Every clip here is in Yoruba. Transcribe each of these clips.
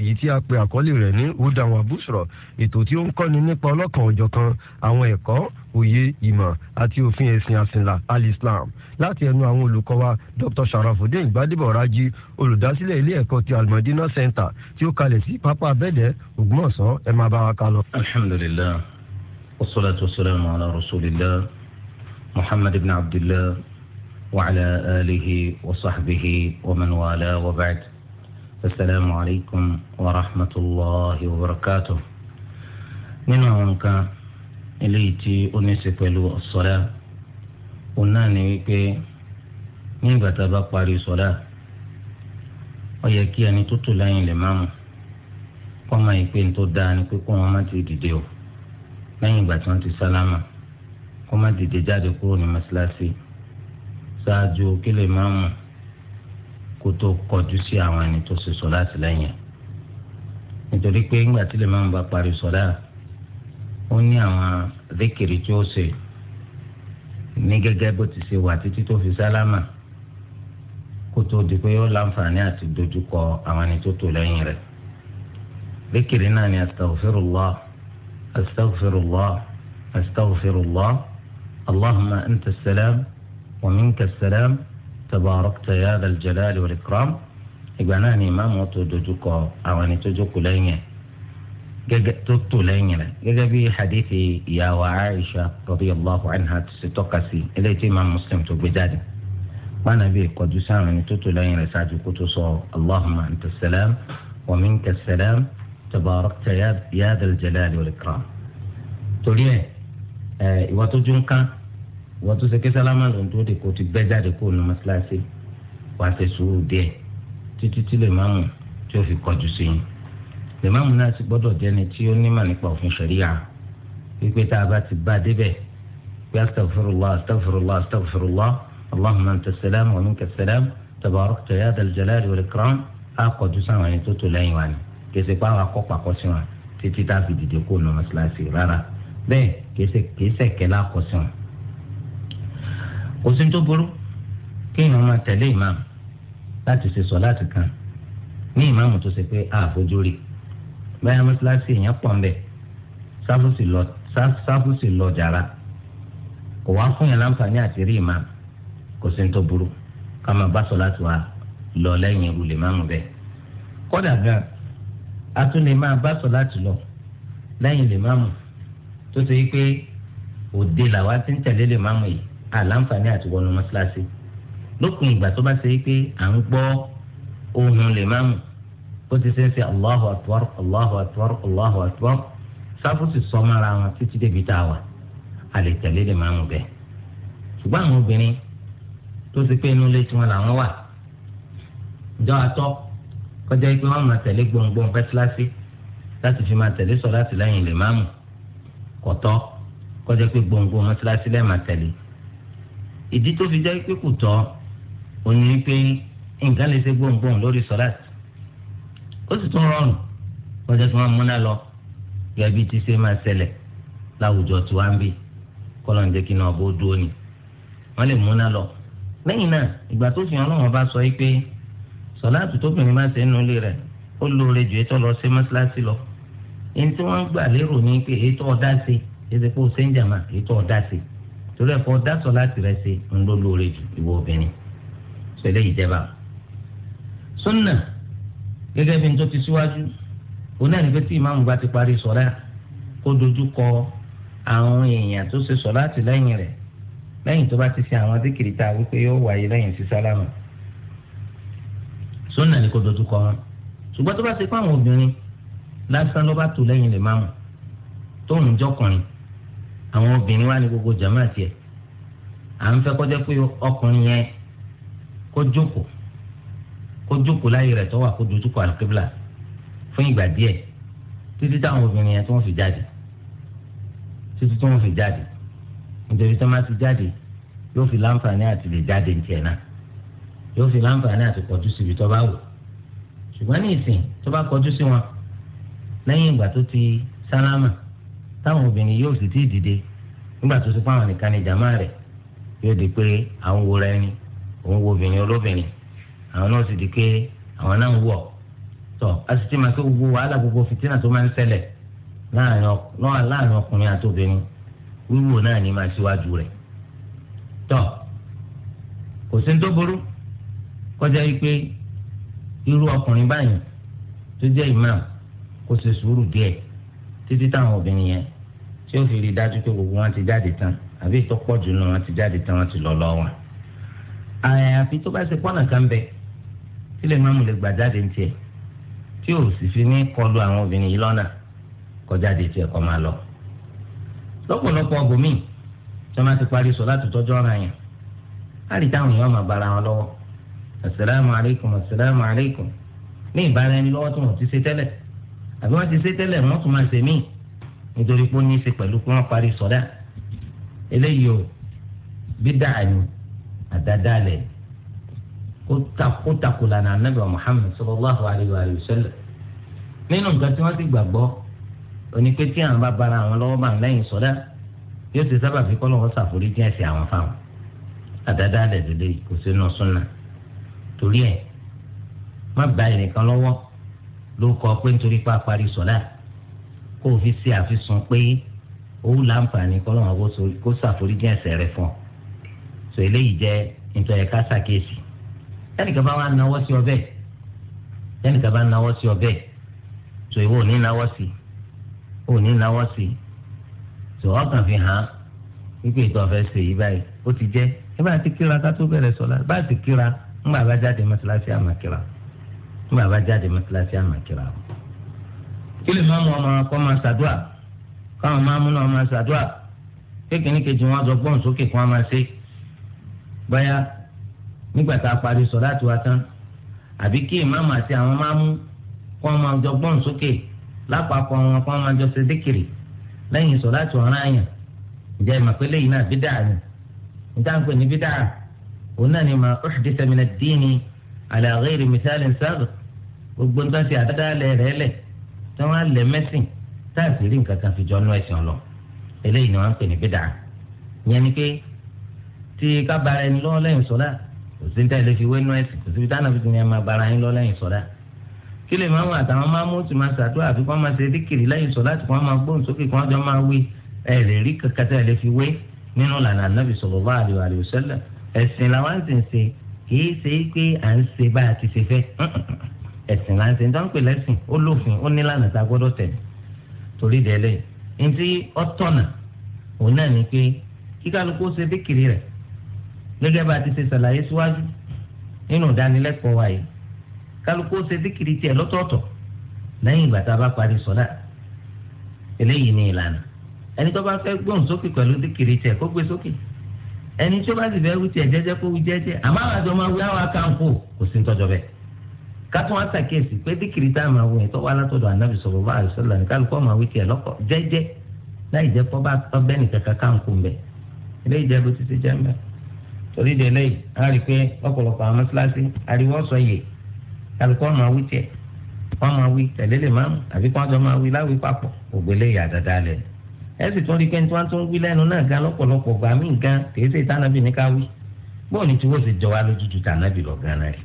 èyí tí a pe àkọlé rẹ̀ ní hudan wa bushra ètò tí ó ń kọ́ni nípa ọlọ́kan òjọ̀kan àwọn ẹ̀kọ́ òye ìmọ̀ àti òfin ẹ̀sìn àsìnlá alislam láti ẹnu àwọn olùkọ́ wa dr sharafudin gbadebo raji olùdásílẹ̀ ilé ẹ̀kọ́ ti almadina center tí ó kalẹ̀ sí pápá abẹ́dẹ̀ ògbómọ̀ṣọ́ ẹ máa bá wa ká lọ. alhamdulilayi wasalaatu wasalaamu ala rasulillah muhammad ibn Abdullah wa ala alihi wa sahbihi wa man wala wa ba'd. السلام عليكم ورحمة الله وبركاته من هناك إليتي أنسك الصلاة أناني وكي nígbà tá a bá parí sọlá ó yẹ kí ẹni tó tò lẹ́yìn lè máa mú kó máa yí pé nítorí dáa ni pé kó wọn má ti dìde o lẹ́yìn ìgbà tí wọ́n ti sálámà kó má dìde jáde kúrò ní mọ́ṣáláṣí ṣáájú kí lè máa mú kó tó kọjú sí àwọn ẹni tó ṣe sọlá àtìlẹ́yìn nítorí pé ńgbà tí lè máa ń bá parí sọlá ó ní àwọn rékèrè tí ó ṣe ní gẹ́gẹ́ bó ti ṣe wà títí tó fi sálámà kó tó di pé ó láǹfààní àti dojúkọ àwọn ẹni tó tò lẹ́yìn rẹ̀ rékèrè náà ni astaghfirullah astaghfirullah astaghfirullah allahumma anta salam wa minka salam tabarakta ya dal jalali wal ikram ìgbà náà ni ìmáàmù tó dojú kọ àwọn ẹni tó jókòó lẹ́yìn gẹ́gẹ́ tó tò lẹ́yìn rẹ̀ gẹ́gẹ́ bí hadithi ìyàwó aisha radiyallahu anha tó ṣe tọ́ka sí eléyìí tí ìmáàmù muslim tó gbé jáde wọn àbí ìkọjú sáwọn ẹni tó tò lẹ́yìn rẹ̀ ṣáájú kó tó sọ allahumma anta salam wa minka salam tabarakta ya dal jalali wal ikram torí ẹ ìwà tó dún kan ìwọ tó ṣe ké sálámà ló ń tó de kó ti bẹ́ jáde kó nu mọ́sálásí wàá ṣe sùúrù díẹ̀ títí tí lè máàmù tí ó fi kọjú sí yín lè máàmù náà ti gbọ́dọ̀ jẹ́ni tí ó nímọ̀ nípa òfin ṣẹ̀ríyà wípé tá a bá ti bá a débẹ̀ pé astagfirullah astagfirullah astagfirullah allahumma anta salam wa minka salam tabarakta ya dal jalali wal ikram á kọjú sáwọn ẹni tó tó lẹ́yìn wa ni kèsì pa àwọn akọ́pà kọ́ sí wọn títí tá a fi dìde kó nu mọ́sálásí rárá bẹ́ẹ̀ kèsì kèsì kẹlẹ́ àkọ́sí wọn kò sí tó burú kéèyàn máa tẹ̀lé ìmáàmù láti ṣe sọ̀láàtì kan ní ìmáàmù tó ṣe pé àfojú rí báyà mọ́ṣáláṣí èèyàn pọ̀ ńbẹ̀ sáfù sì lọ jàrá kò wá fún yàn láǹfààní àti rí ìmáàmù kò sí tó burú ká máa bá sọ̀láàtì wa lọ lẹ́yìn irú lè máàmù bẹ́ẹ̀ kódà gan a tún lè máa bá sọ̀láàtì lọ lẹ́yìn lè máàmù tó ṣe pé òde làwa ti ń tẹ̀lé lè máàmù yìí àlàǹfààní àti wọnú mọ́ṣáláṣí lókun ìgbà tó bá ṣe é pé à ń gbọ́ ohun lè máa mú ó ti ṣe ń ṣe allahu akbar allahu akbar allahu akbar sáfù ti sọ mọ́ra wọn títí débi tá a wà a lè tẹ̀lé lè máa mú bẹ́ẹ̀ ṣùgbọ́n àwọn obìnrin tó ti pé inú ilé tiwọn làwọn wà ìjọ atọ́ kọjá pé wọ́n máa tẹ̀lé gbòǹgbòǹ mọ́ṣáláṣí láti fi máa tẹ̀lé sọ láti lẹ́yìn lè máa mú kọ̀tọ́ kọjá pé gbòǹgbòǹ mọ́ṣáláṣí lẹ́ẹ̀ máa tẹ̀lé ìdí tó fi jẹ́ pé kò tọ́ òyìn pé nǹkan lè ṣe gbòǹgbòǹ lórí sọ́láàtì ó sì tún rọrùn kọjá tí wọ́n múná lọ gẹ̀ẹ́bí tí ṣe máa ṣẹlẹ̀ láwùjọ tí wọ́n ń bì kọ́lọ̀ ń jẹ́ kí náà bó dúró ni wọ́n lè múná lọ. lẹ́yìn náà ìgbà tó fi ọlọ́run bá sọ yìí pé sọ̀láàtù tóbìnrin máa ṣe ń rẹ̀ ó lóore jù ètò lọ sí mọ́ṣáláṣí lọ. ẹni tí wọ́n gbà lérò ní pé ètò ọ̀dá ṣe ètò ìpò sẹ́ńjàmà ètò ọ̀dá ṣe torí ẹ̀kọ́ dásọ̀ láti rẹ̀ ṣe ń lọ lóore jù ìwọ obìnrin ṣẹlẹ̀ ìjẹba. sunna gẹ́gẹ́ bí n tó ti síwájú oní ànífẹ́ tí ìmáàmù bá ti parí sọ̀rá kó dojú kọ àwọn èèyàn tó ṣe sọ̀rá àti lẹ́yìn rẹ̀ lẹ́yìn tó bá ti ṣe àwọn díkìrì tá a wípé yóò wáyé lẹ́yìn sí sálámù. sunna ni kó dojú kọ wọn ṣùgbọ́n tó bá ṣe fáwọn obìnrin lásán ló bá tò lẹ́yìn lè máàmù tóun jọkùnrin àwọn obìnrin wà ní gbogbo jàmáà tiẹ̀ à ń fẹ́ kọjá pé ọkùnrin yẹn kó jókòó kó jókòó láyé rẹ̀ tó wà kó dojúkọ àlùkébìlà fún ìgbà díẹ̀ títí táwọn obìnrin yẹn tí wọ́n fi jáde títí tí wọ́n fi jáde nítorí tí wọ́n bá ti jáde yóò fi láǹfààní àti lè jáde ní tiẹ̀ náà yóò fi láǹfààní àti kọjú síbi tó bá wù ṣùgbọ́n ní ìsìn tó bá kọjú sí wọn lẹ́yìn ìgbà tó ti sálámà táwọn obìnrin yóò sì ti dìde nígbà tó ti pa nìkan ní jàmáà rẹ̀ yóò di pé àwọn wo rẹ ni òun wo obìnrin olóbìnrin àwọn náà sì di pé àwọn náà ń wọ tọ asìtì máa kó gbogbo wàhálà gbogbo fìtínà tó máa ń ṣẹlẹ̀ láàrin ọkùnrin àti obìnrin wíwò náà ni máa ṣíwájú rẹ̀ tọ kò sí ní tó burú kọjá yìí pé irú ọkùnrin báyìí tó jẹ́ imam kò sì sùúrù díẹ̀ títí táwọn obìnrin yẹn tí ó fi rí dájú pé gbogbo wọn ti jáde tán àbí ìtọ́pọ̀ jù náà wọ́n ti jáde tán wọ́n ti lọ lọ́wọ́ àyàfi tó bá ṣe pọ́nà kan bẹ̀ tí lè máàmù lè gbà jáde tiẹ̀ tí ò sì fi ní kọlu àwọn obìnrin yìí lọ́nà kọjá de tiẹ̀ kọ́ máa lọ. lọ́pọ̀lọpọ̀ ọgùnmí tí wọ́n ti parí sọ láti tọ́jú ọ̀ràn yẹn láti táwọn èèyàn máa bára wọn lọ́wọ́ asalaamu aleykum asalaamu aleykum ní ìbára ẹni lọ́wọ́ tí wọ́n ti ṣe tẹ́lẹ̀ àbí wọ́n ti ṣe tẹ́lẹ̀ wọ́n tún máa ṣe míì nítorí pé ó ní í ṣe pẹ̀lú pé wọ́n parí sọ̀dá eléyìí o bídà ni àdádálẹ̀ ó takò lànà ànábì wa Muhammad sallallahu alayhi wa sallam nínú nǹkan tí wọ́n ti gbàgbọ́ oní pé tí àwọn bá bara àwọn lọ́wọ́ bá ń lẹ́yìn sọ́dá yóò ti sábà fi kọ́lọ́wọ́ ṣàforíjì ẹ̀ṣẹ̀ àwọn fáwọn àdádálẹ̀ dédé kò sínú súnà torí ẹ̀ má ba ẹnìkan lọ́wọ́ ló kọ pé nítorí pé a parí kó o fi ṣe àfisùn pé o láǹfààní kọ́lọ́mọ kó ṣàforíjì ẹ̀ṣẹ̀ rẹ̀ fún ọ sọ eléyìí jẹ́ nítorí ẹ̀ka ṣàkíyèsí ẹnìkan bá wà náwó sí ọbẹ̀ ẹnìkan bá náwó sí ọbẹ̀ sọ ìwọ sí sí sọ ọkàn fi hàn wípé ìtọ́ fẹ́ ṣe yí báyìí ti jẹ́ ẹ bá ti kíra ká tó bẹ̀rẹ̀ sọ̀la bá ti kíra bá jáde mọ́tíláṣí àmàkíra bá jáde mọ́tíláṣí àmàkíra. kí káwọn máa múná máa ṣàdúrà kékeré kejì wọn sọ gbọ́n sókè kí wọ́n máa ṣe báyà nígbà tá a parí sọ láti wá tán àbí kí ìmáàmù àti àwọn máa mú kí wọ́n máa jọ gbọ́n sókè lápapọ̀ wọn kí wọ́n máa jọ ṣe dékìrì lẹ́yìn sọ láti ọ̀ràn àyàn ìjà ìmàpẹ́lẹ́ yìí náà bídà ni ìdáǹpẹ̀ ní bídà òun náà ni mà uhditha min ad-dini ala ghairi mithalin sáàgì gbogbo nǹkan ti àdáda lẹ̀ rẹ̀ lẹ̀ tí wọ́n á lẹ̀ mẹ́sìn táàsì rí nǹkan kan fi jọ nú ẹ̀sìn ọlọ eléyìí ni wọ́n ń pè ní bídà yẹn ni pé tí ká bara ẹni lọ́wọ́ lẹ́yìn sọ́dá kò sí níta ilé fi wé nú ẹ̀sìn kò síbi táwọn àfi tún yẹn máa bara ẹni lọ́wọ́ lẹ́yìn sọ́dá kí lè máa ń wọ àtàwọn máa mú tì máa ṣàdúrà àfi kí wọ́n máa ṣe díkìrì lẹ́yìn sọ́dá tí wọ́n máa gbóhùn sókè kí wọ́n jọ máa wí ẹ̀ lè rí kankan tẹ́ ẹ lè fi wé nínú lànà ànábì sallallahu alaihi wasallam ẹ̀sìn làwọn ti ń ṣe kìí ṣe pé à ń ṣe bá a ti ṣe fẹ́ ẹ̀sìn là ń ṣe ń tán a gbọ́dọ̀ torí délé ntí ọtọnà òun náà ni pé kíkálukú ṣe bíkìrì rẹ̀ gẹ́gẹ́ bá a ti ṣe ṣàlàyé síwájú nínú ìdánilẹ́kọ̀ọ́ wa yìí kálukú ṣe bíkìrì tiẹ̀ lọ́tọ̀ọ̀tọ̀ lẹ́yìn ìgbà tá a bá parí sọlá eléyìí ni ìlànà ẹni tó bá fẹ́ gbóhùn sókè pẹ̀lú bíkìrì tiẹ̀ kó gbé sókè ẹni tó bá sì fẹ́ tiẹ̀ jẹ́jẹ́ kó jẹ́jẹ́ àmọ́ àwọn àjọ máa àwọn akáǹkó kò sí tọ́jọ́ kátó wọn ṣàkíyèsí pé díkìrì tá a máa wọ ẹ tó wá látọ̀dọ̀ ànábì sọ̀rọ̀ bá àlùsọ̀lá ní kálukọ́ máa wí tiẹ̀ lọ́kọ̀ jẹ́jẹ́ láì jẹ́ pọ́ bá ọbẹ̀ nìkan kankan kù mbẹ̀ eléyìí jẹ́ bó ti ti jẹ́ mbẹ̀ torí de eléyìí a rí i pé ọ̀pọ̀lọpọ̀ àwọn mọ́sálásí ariwo sọ yè kálukọ́ máa wí tiẹ̀ wọ́n máa wí tẹ̀lé lè máa mú àbí kí wọ́n jọ máa wí láwí papọ̀ ògbélé yàdàdà lẹ̀ ẹ sì tún rí i pé tí wọ́n tún wí lẹ́nu náà gan lọ́pọ̀lọpọ̀ gbà gan kèé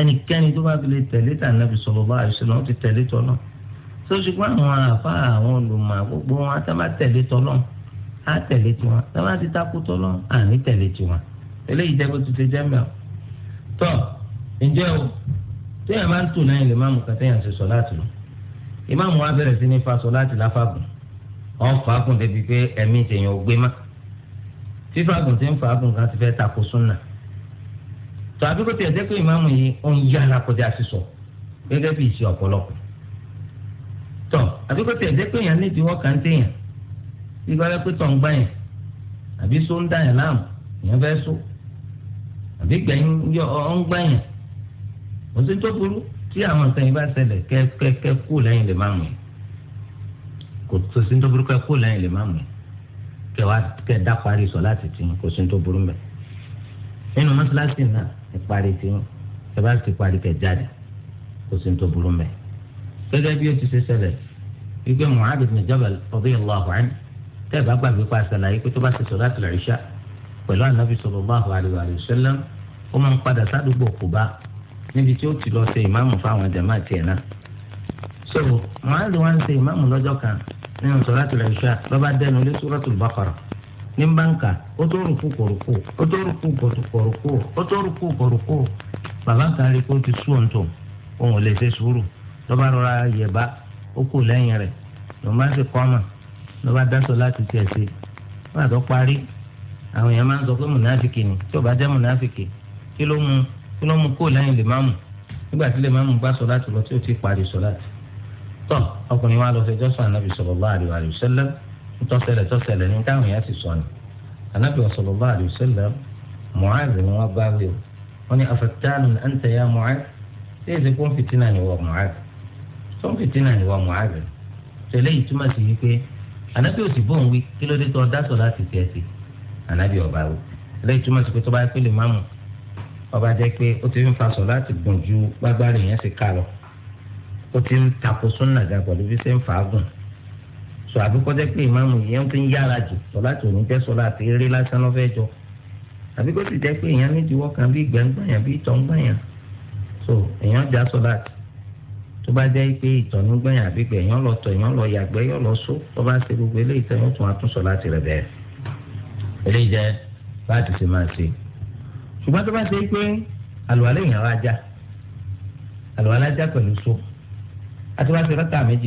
ẹnikẹ́ni tó bá fi lè tẹ̀lé tà nàbì sallallahu alaihi wasallam ti tẹ̀lé tọ́lọ́ tó ṣùgbọ́n àwọn àfa àwọn olùmọ̀ gbogbo wọn tábà tẹ̀lé tọ́lọ́ á tẹ̀lé tiwọn tábà ti takú tọ́lọ́ à ní tẹ̀lé tiwọn eléyìí jẹ́ kó ti ti jẹ́ mẹ́ọ̀ tọ́ ǹjẹ́ o téèyàn bá ń tò náà lè má mú kàtẹ́yàn ṣe sọ láti lọ ìmáàmù wa bẹ̀rẹ̀ sí ní fa sọ láti láfàgùn ọ̀n fàágùn sọ àbíkó tiẹ̀ jẹ́ pé ìmáàmù yìí ó ń yára kọjá sísọ gẹ́gẹ́ bí ìṣe ọ̀pọ̀lọpọ̀ tọ àbíkó tiẹ̀ jẹ́ pé èèyàn ní ìdíwọ́ kan téèyàn bí bá yẹ pé tọ̀ ń gbá yẹn àbí só ń dà yẹn láàmú èèyàn fẹ́ só àbí gbẹ̀yìn ọ̀ ń gbá yẹn òsì tó burú tí àwọn nǹkan yìí bá ṣẹlẹ̀ kẹ́kẹ́kẹ́ kú lẹ́yìn lè máàmù yìí kò tó sí tó burú kẹ́kú lẹ́yìn lè máàmù yìí kẹ́ wá kẹ́ dá parí sọ láti tì nínú mọ́ṣáláṣí náà ìparí ti yín ẹ bá ti parí kẹ jáde kó sì ń tó burú mẹ. gẹ́gẹ́ bí o ti ṣe ṣẹlẹ̀ wípé Mu'adh ibn Jabal radiyallahu anhu tẹ́ ẹ bá gbàgbé pa àṣàlàyé pé tó bá ti solatul Isha pẹ̀lú ànábì sallallahu alayhi wa sallam ó máa ń padà sádùúgbò Kùbá níbi tí ó ti lọ ṣe ìmáàmù fáwọn jàmáà tiẹ̀ náà. so Mu'adh wá ń ṣe ìmáàmù lọ́jọ́ kan nínú solatul Isha lọ́ba dẹnu ní báńkà ó tó rùkú kòrùkù ó tó rùkú kòrùkù ó tó rùkú kòrùkù bàbá kan rí kó ti sú òun òun ò lè ṣe sùúrù lọ́ba rọra yẹ̀bá ó kù lẹ́yìn rẹ̀ lọ́n sì kọ́mà lọ́ba dáṣọ láti tiẹ̀ ṣe wọ́n àtọ́ parí àwọn èèyàn máa ń sọ pé ni tí ò jẹ́ mùnáfìkì kí ló mú kí ló mú kó lẹ́yìn lè má mú nígbà tí lè má bá sọ láti lọ tí ó ti parí sọ tọ́sẹ̀lẹ̀ tọ́sẹ̀lẹ̀ ní táwọn èèyàn ti sọ ni anabi sallallahu alayhi wa sallam Mu'adh ni wọ́n bá wí o wọ́n ní afattanu anta ya Mu'adh ṣé èsì kó ń fìtínà ni wọ́n Mu'adh tó ń fìtínà ni wọ́n Mu'adh tẹ̀lé yìí túmọ̀ sí wípé anabi ò sì bóun wí kí ló dé tó ọdá sọ láti tiẹ̀ sí anabi ọba wí tẹ̀lé yìí túmọ̀ sí pé tó bá yẹ pé lè ọba jẹ́ pé ó ti ń fa láti gùn ju gbágbá rẹ̀ yẹn sì ká lọ ó ti ń takò súnnà ga pẹ̀lú bí ṣe ń fàágùn sọ àbí kọjá pé ìmáàmù yẹn tó ń yára jù sọlá tó ní jẹ́ sọlá àti eré lásán ló fẹ́ jọ àbí kó sì jẹ́ pé èèyàn nídìíwọ́ kan bí gbẹ̀ngbàyàn bí ìtọ̀ngbàyàn so èèyàn já sọlá tó bá jẹ́ pé ìtọ̀ngbàyàn àbí gbẹ̀yàn lọ tọ̀ èèyàn lọ yàgbẹ́ yọ̀ lọ só tó bá ṣe gbogbo eléyìí tẹ́ wọ́n tún wá tún sọlá tirẹ̀ bẹ́ẹ̀ eléyìí jẹ́ láti ṣe máa ṣe ṣùgbọ́n tó bá ṣe pé àlùwalẹ̀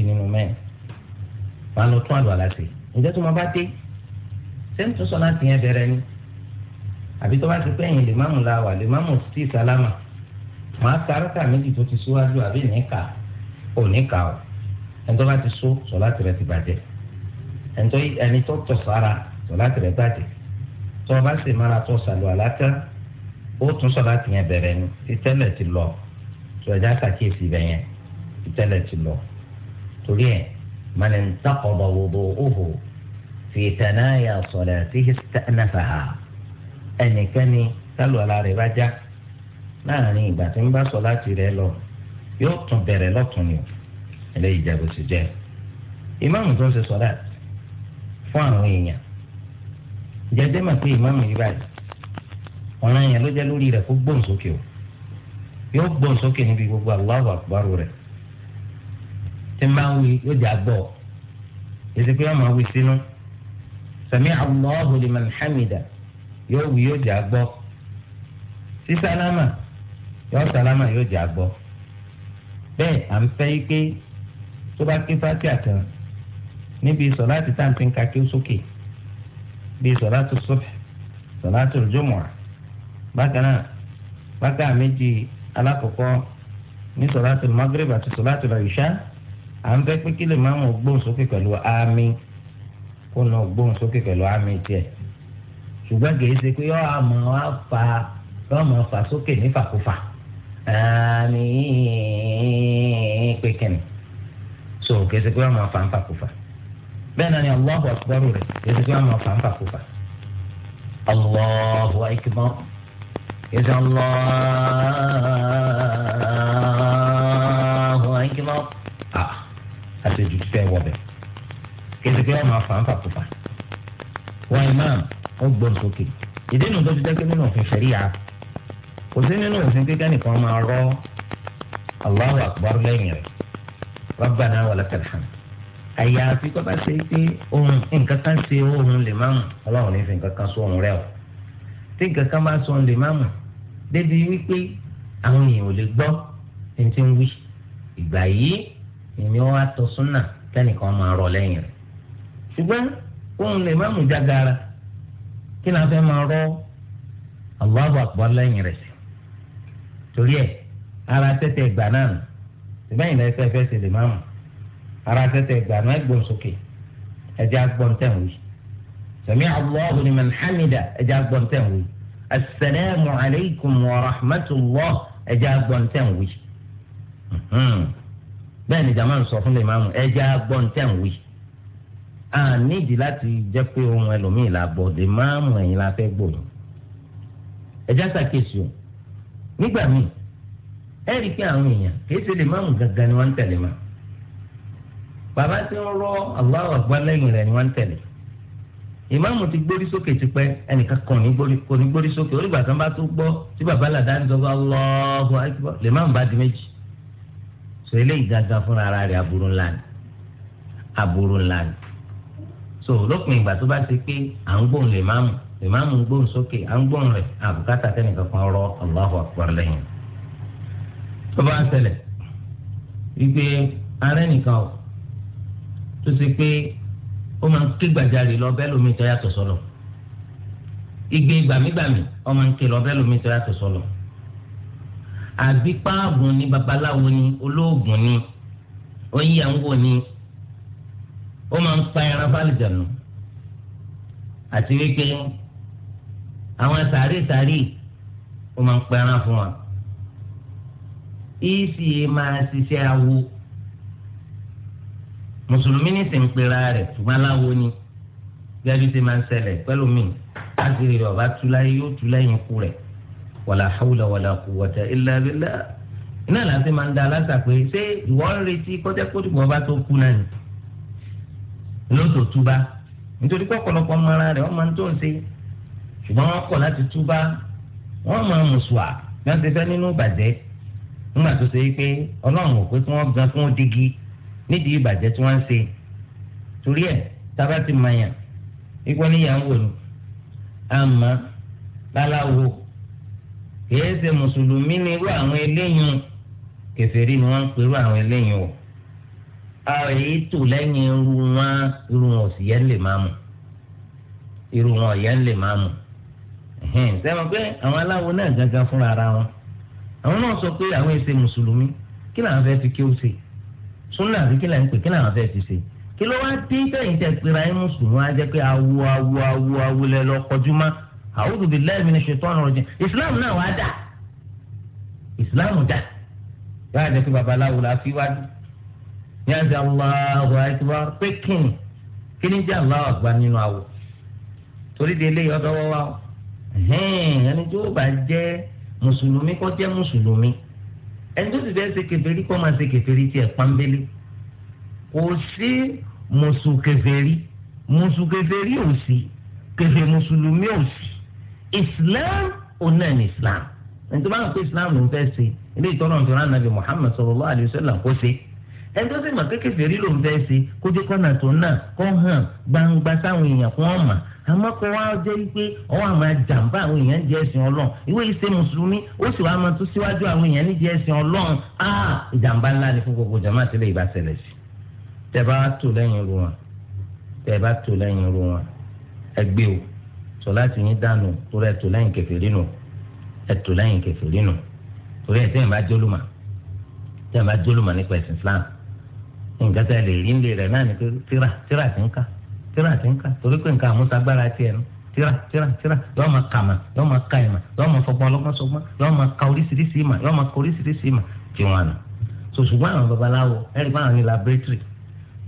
èèyàn wàá lọ tún àlùwàlá ṣe ǹjẹ́ tó máa bá dé sẹ́ńtù sọ láti yẹn bẹ̀rẹ̀ ni àbí tó bá ti pẹ́yìn lè má mú la wà lè má mú sí ìsálámà màá ka arákà méjì tó ti síwájú àbí níkà ò níkà o ẹni tó bá ti sọ sọ láti rẹ ti bàjẹ́ ẹni tó tọ̀ sára sọ láti rẹ bàjẹ́ tó o bá sì mára tó ṣàlùwàlá tán ó tún sọ láti yẹn bẹ̀rẹ̀ ni títẹ́lẹ̀ ti lọ tó ẹja ṣàkíyèsí ibẹ̀ títẹ́lẹ̀ ti lọ torí ẹ̀ من انتقض وضوءه في تنايا صلاته استأنفها ẹnikẹ́ni tálùwàlá rẹ̀ bá já láàrin ìgbà tí ń bá sọ láti rẹ̀ lọ yóò tún bẹ̀rẹ̀ lọ́tún ni eléyìí jago sì jẹ́ ìmáàmù tó ń ṣe sọ́lá fún àwọn èèyàn jẹ́jẹ́ mà pé ìmáàmù yìí báyìí ọ̀ràn yẹn ló jẹ́ lórí rẹ̀ kó gbóhùn sókè o yóò gbóhùn sókè níbi gbogbo Allahu akbar rẹ̀ tí n bá ń wí yóò jà gbọ́ èsì pé ọmọ wí sínú sami Allahu liman hamida yóò wí yóò jà gbọ́ sísálámà yóò sálámà yóò jà gbọ́ bẹ́ẹ̀ à ń fẹ́ yí pé tó bá ké fati àtàn níbi sọláàtì tá à ń ka kí ó sókè bíi sọláàtì sọfẹ sọláàtì òjòmọ bákan náà bákan méjì alákọ̀ọ́kọ́ ní sọláàtì magreba àti sọláàtì ràìṣá à ń fẹ́ pé kí lè máa mọ̀ gbóhùn sókè pẹ̀lú àmì kó nà gbóhùn sókè pẹ̀lú àmì tiẹ̀ ṣùgbọ́n kì í ṣe pé yọ àmọ́ wa fa yọ àmọ́ fa sókè nífàkúfà àmì pé kìnnì so kì ṣe pé yọ àmọ́ fa nífàkúfà bẹ́ẹ̀ náà ni Allahu akbar rẹ̀ kì ṣe pé yọ àmọ́ fa nífàkúfà Allahu akbar kì ṣe Allahu. ṣàṣejù tẹ wọbẹ̀ kẹsìkẹ ọmọ àfàǹfà pupa wọn imam ó gbọ́n sókè ìdí nu tó ti dẹ́kẹ́ nínú òfin ṣẹ̀ríya kò sí nínú òfin kíkẹ́ nìkan máa rọ Allahu akbar lẹ́yìn rẹ̀ rabbana walakal hamd àyàfi kọ́ bá ṣe pé ohun nǹkan kan ṣe ohun lè máàmù ọlọ́run ní nǹkan kan sọ ohun rẹ̀ o tí nǹkan kan bá sọ ohun lè máàmù débi wípé àwọn èèyàn ò lè gbọ́ ẹni tí ń wí ìgbà yìí ìní wa tọ súnà tẹnìkan máa rọ lẹ́yìn rẹ̀ ṣùgbọ́n òun lè má mú jágara kí ni a fẹ́ máa rọ Allahu Akbar lẹ́yìn rẹ̀ sí torí ẹ̀ ara tẹ́tẹ́ ìgbà náà nù ṣùgbọ́n ìlà ẹsẹ̀ fẹ́ lè má mú ara tẹ́tẹ́ ìgbà náà gbọ́n sókè ẹ̀jẹ̀ agbọ́n tẹ̀ wí sami Allahu liman hamida ẹ̀jẹ̀ agbọ́n tẹ̀ wí asalaamu wa rahmatulah ẹ̀jẹ̀ agbọ́n tẹ̀ wí bẹ́ẹ̀ ni jama ń sọ fún lè máa mú ẹja gbọ́ntẹ́ ń wí a nídìí láti jẹ́ pé ohun ẹlòmíì la bọ̀ lè máa mú ẹ̀yìn la fẹ́ gbòòyìn ẹja ṣàkíyèsí o nígbà míì ẹ rí i pé àwọn èèyàn kì í ṣe lè máa mú gangan ni wọ́n ń tẹ̀lé ma bàbá tí ń rọ Allahu Akbar lẹ́yìn rẹ̀ ni wọ́n ń tẹ̀lé ìmáàmù ti gbórí sókè tipẹ́ ẹnìkan kan kò ní gbórí sókè orí bàtà bá tó gbọ́ tí bàbá làdá ń sọ fún Allahu Akbar lè máàmù bá di méjì so eléyìí gángan fúnra ara rẹ̀ aburú ńlá ni aburú ńlá ni so lópin ìgbà tó bá ṣe pé à ń gbóhùn lè máàmù lè máàmù ń gbóhùn sókè à ń gbóhùn rẹ̀ àbùkátà tẹnìkan kan rọ Allahu akbar lẹ́yìn tó bá ń ṣẹlẹ̀ wípé arẹ́nìkan ò tó ṣe pé ó máa ń ké gbàjarè lọ bẹ́ẹ̀ lómi tó yàtọ̀ sọ́lọ̀ igbe gbàmígbàmí ó máa lọ bẹ́ẹ̀ lómi tó yàtọ̀ sọ́lọ̀ àbí páàgùn ni babaláwo ni olóògùn ni oníyàwó ni ó máa ń pa ẹran fálìjànù àti wípé àwọn sàárè sàárè ó máa ń pa ẹran fún wa ìsì máa ṣiṣẹ́ awo mùsùlùmí ní sì ń pera rẹ̀ ṣùgbọ́n aláwo ni gẹ́gẹ́ bí ṣe máa ń ṣẹlẹ̀ pẹ́lú mi láti rí ọba tú láyé yóò tú lẹ́yìn ikú rẹ̀ wàlà hawla wàlà quwwata illa billah iná láti máa ń da aláṣà pé ṣé ìwọ ń retí kọjá kódìbò ọba tó kú náà ni ló tó túbá nítorí pé ọ̀pọ̀lọpọ̀ mara rẹ̀ wọ́n máa ń tó ń ṣe ṣùgbọ́n wọ́n kọ̀ láti túbá wọ́n máa mùsùà bí wọ́n ti fẹ́ nínú ìbàjẹ́ nígbà tó ṣe pé ọlọ́run ò pé kí wọ́n gan fún dígí nídìí ìbàjẹ́ tí wọ́n ń ṣe torí ẹ̀ tábà ti mọ̀ ikú níyàwó ni àmọ́ láláwo kìí ṣe mùsùlùmí ni irú àwọn eléyìn kèfèrí ni wọ́n ń pe irú àwọn eléyìn o àwọn èyí tò lẹ́yìn irú wọn irú wọn ò sì yẹn lè máa mú irú wọn ò yẹn lè máa mú sẹ́wọ̀n pé àwọn aláwo náà gángan fúnra ara wọn àwọn náà sọ pé àwọn èsè mùsùlùmí kí làwọn fẹ́ fi kí ó ṣe súnà àbí kí làwọn pè kí làwọn fẹ́ fi ṣe kí ló wá dé tẹ̀yìn pera ẹ̀ mùsùlùmí wọn á jẹ́ pé awo awo awo awo lẹ lọ máa a'udhu billahi minash shaitani rajim islam náà wàá dà islam dà báyà jẹ́ pé babaláwo la fi wá ní àti Allahu akbar pé kíni kíni jẹ́ Allahu akbar nínú àwọ̀ torí de eléyìí ọ̀dọ́ wọ́wọ́ ẹni tí ó bá jẹ́ mùsùlùmí kọ́ jẹ́ mùsùlùmí ẹni tó sì bẹ́ẹ̀ ṣe kèfèrí kọ́ máa ṣe kèfèrí tiẹ̀ pọ́nbélé kò sí mùsù kèfèrí mùsù kèfèrí ò sí kèfè mùsùlùmí ò sí islam òun náà islam ẹni tó bá ń pè islam ló ń fẹ́ ṣe ilé ìtọ́nà ìtura nàbì muhammed sallallahu alayhi wa sallam kó se ẹni tó sì mà kékeré rí ló ń fẹ́ ṣe kó jẹ́ kọ́nà tó náà kó hàn gbangba sáwọn èèyàn kó wọ́n mà àmọ́ kó wá jẹ́ wípé ọwọ́ àmọ́ jàǹbá àwọn èèyàn jẹ́ ẹ̀sìn ọlọ́run ìwé ìṣe mùsùlùmí ó sì wàá máa tún síwájú àwọn èèyàn níjẹ́ ẹ̀sìn ọlọ́run á ìjàǹbá ńlá ni fún gbogbo jàmá àtìlẹ́ ìbá ṣẹlẹ̀ sí. tẹ bá tó lẹ́yìn irú wọn tẹ bá tó lẹ́yìn irú wọn ẹgbẹ́ o sọláàtì yín dànù torí ẹtù lẹ́yìn kẹfìrí nù ẹtù lẹ́yìn kẹfìrí nù torí ẹ tẹyìn bá jólùmọ tẹyìn bá jólùmọ nípa ẹsìn Islam nǹkan tẹ lè rí nílé rẹ náà ni pé tíra tíra ti ń ká tíra ti ń ká torí pé nǹkan àmúṣagbára tiẹ̀ nù tíra tíra tíra yọọ ma kà mà yọọ ma ka ìmà yọọ ma fọgbọ́n ọlọ́gbọ́n yọọ ma ka oríṣiríṣi ìmà yọọ ma ka oríṣiríṣi ìmà tí wọn nù àwọn babaláwo ẹ̀rí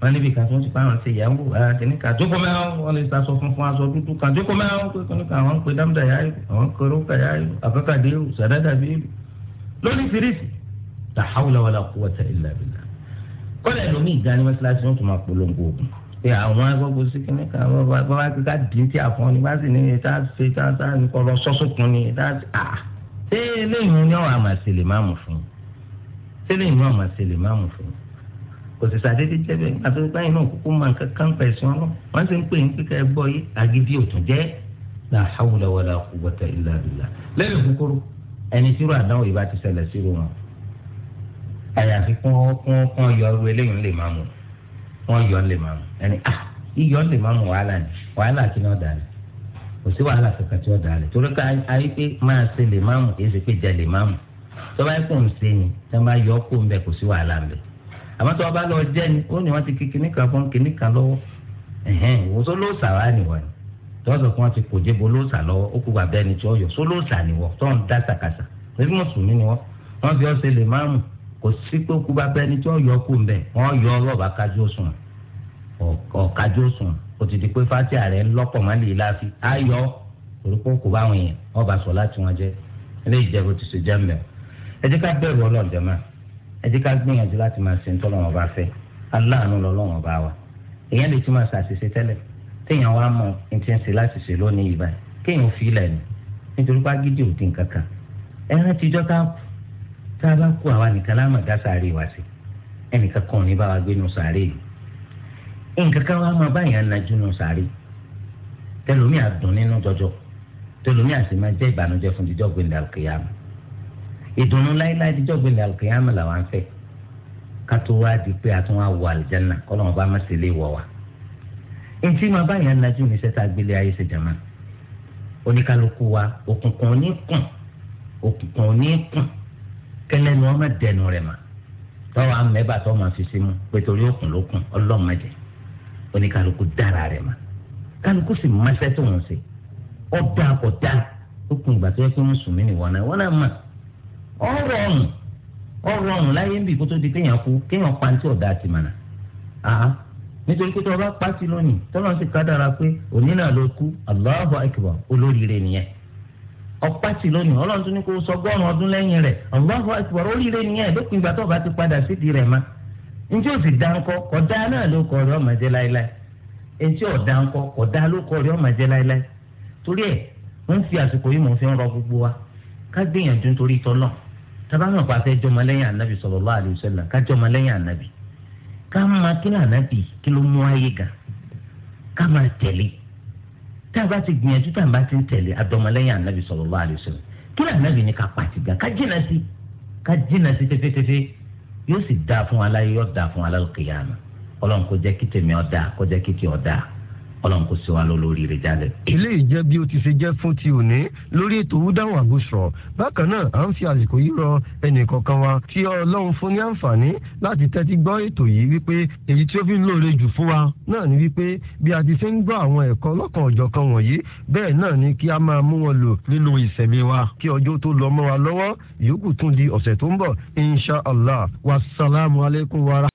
wọn níbi kan tí wọn ti pa àwọn ṣe ìyàwó àtẹnì kan jókòó mẹ́rin wọn lè sàṣọ funfun aṣọ dúdú kan jókòó mẹ́rin pé kọ́ni kan àwọn ń pe dámdà yá ìlú àwọn ń pe rókà yá ìlú àfẹ́kàdé ìlú sàdádà bí ìlú lónìí fèrèsì la hawla wala quwwata illa billah kọ́lẹ̀ lómi ìgbà ni mọ́ṣáláṣí wọn tún máa polongo ogun pé àwọn agbọ́gbọ́ sí kíní kan bàbá kíkà dín tí àfọ́n ni bá sì ní ìta kò sì sàdédé jẹ́ bẹ́ẹ̀ àti pé báyìí náà kúkú máa nǹkan kan pẹ̀ sí wọn wọ́n ti ń pè ń kíkà ẹgbọ́ yìí agídí òtún jẹ́ la hawla wala quwwata illa billah lẹ́yìn kúkúrú ẹni tí irú àdáwò yìí bá ti ṣẹlẹ̀ sí irú wọn àyàfi kún kún kún yọ ọrú eléyìí lè máa mú wọn yọ lè máa mú ẹni ah iyọ̀ lè máa mú wàhálà ni wàhálà kí ni ọ̀dà rẹ̀ kò sí wàhálà kankan tí ọ̀dà rẹ̀ torí ká ayé pé máa àmọ́ tí wọ́n bá lọ jẹ́ ni ó ní wọ́n ti kí kíní kan fún kíní kan lọ́wọ́ ẹ̀hẹ́n wò só lóòsà wá nìwọ̀ ni tí wọ́n sọ pé wọ́n ti kò jébo lóòsà lọ́wọ́ ó kú bàbá ẹni tí wọ́n yọ só lóòsà nìwọ̀ tó ń dá sàkàsà ẹbí mùsùlùmí ni wọ́n wọ́n fi ọ̀sẹ̀ lè máàmù kò sí pé ó kú bàbá ẹni tí wọ́n yọ kú mbẹ́ wọ́n yọ ọlọ́ọ̀bà kájú òsùn ọ̀kájú òsùn ó ti ẹ jẹ́ ká gbìyànjú láti máa ṣe ntọ́ lọ́wọ́ bá fẹ́ aláàánú lọ́wọ́ bá wa èèyàn lè ti máa ṣàṣìṣe tẹ́lẹ̀ téèyàn wá mọ ẹtí ń ṣe láti ṣe lónìí ìbá kéèyàn fi ilẹ̀ ni nítorí pé agídí ò dín kankan ẹran tíjọ́ ká tá a bá kú àwa nìkan láàmú ẹ̀dá sàárè wá sí ẹnìkan kan ò ní bá wa gbé nu sàárè yìí nǹkan kan wá máa báyìí ànájú nu sàárè tẹlomi àdùn nínú jọjọ tẹlomi àti máa jẹ́ ìbànújẹ́ fún jíjọ́ gbẹ̀ndàkìyàmù ìdùnnú láíláí díjọ́ gbẹ̀lẹ̀ àlùkìyàmù làwọn fẹ́ kátó wá di pé a tún wá wọ àlìjánà kọ́lọ́mù bá má sílé wọ̀ wá. ntí màá báyà ń lajú ní sẹ́ta gbélé ayé ṣe jàmá oníkálukú wa òkùnkùn ní òkùnkùn ní kẹlẹ́ ni wọ́n má dẹnu rẹ̀ mà tọ́wọ́ amẹ́bà tó máa fi sí mu pé torí òkùn ló kùn ọlọ́mọdé oníkálukú dára rẹ̀ mà kálukú sì máṣẹ́ tó wọn ṣe ọ̀dà kọ̀dà ó kùn ìgbà tó yẹ kí mùsùlùmí ni wọn náà wọn náà máa Ọ ọrọrùn láyé ń bì kó tó di kéèyàn kú kéèyàn pa ní tí ọ̀dà ti mọ̀nà nítorí pé tí ọba pàṣẹ lónìí sì pé òní náà ló kú Allahu akbar olóríire nìyẹn ọpàṣẹ lónìí ọlọ́run tún ní kó ọdún lẹ́yìn rẹ̀ olóríire nìyẹn ìgbà tó ọba ti padà sídìí rẹ̀ ma njẹ́ kọ̀dá náà ló kọ̀ ọmọ jẹ́ láéláé njẹ́ kọ̀dá ló kọ̀ tabamọ̀ pa fẹ́ jọmọ nabi anabi sallallahu alaihi wasallam ká jọmọ lẹ́yìn anabi ká máa kí ló anabi kí ló mú ayé ga a ti gbìyànjú a bá ti nabi tẹ̀lé adọmọlẹ́yìn anabi sallallahu alaihi wasallam kí ló anabi ní ká pàtì ga si jìnnà sí ká jìnnà sí tẹ́fẹ́tẹ́fẹ́ yóò daa fun ala aláyé yóò ọlọ́run kò sí wa lórí rẹ̀ jálẹ̀. eléyìí jẹ́ bí o ti ṣe jẹ́ fún ti òní lórí ètò wúdáhùn àgùsọ̀ bákan náà à ń fi àsìkò yìí rọ ẹnìkọ̀ọ̀kan wa tí ọlọ́run fún ní àǹfààní láti tẹ́tí gbọ́ ètò yìí wípé èyí tí ó fi ń lóore jù fún wa náà ni wípé bí a ti ṣe ń gbọ́ àwọn ẹ̀kọ́ lọ́kàn ọ̀jọ̀kan wọ̀nyí bẹ́ẹ̀ náà ni kí a máa mú wọn lò nínú ìṣẹ̀mí wa kí ọjọ́ tó lọ mọ́ wa lọ́wọ́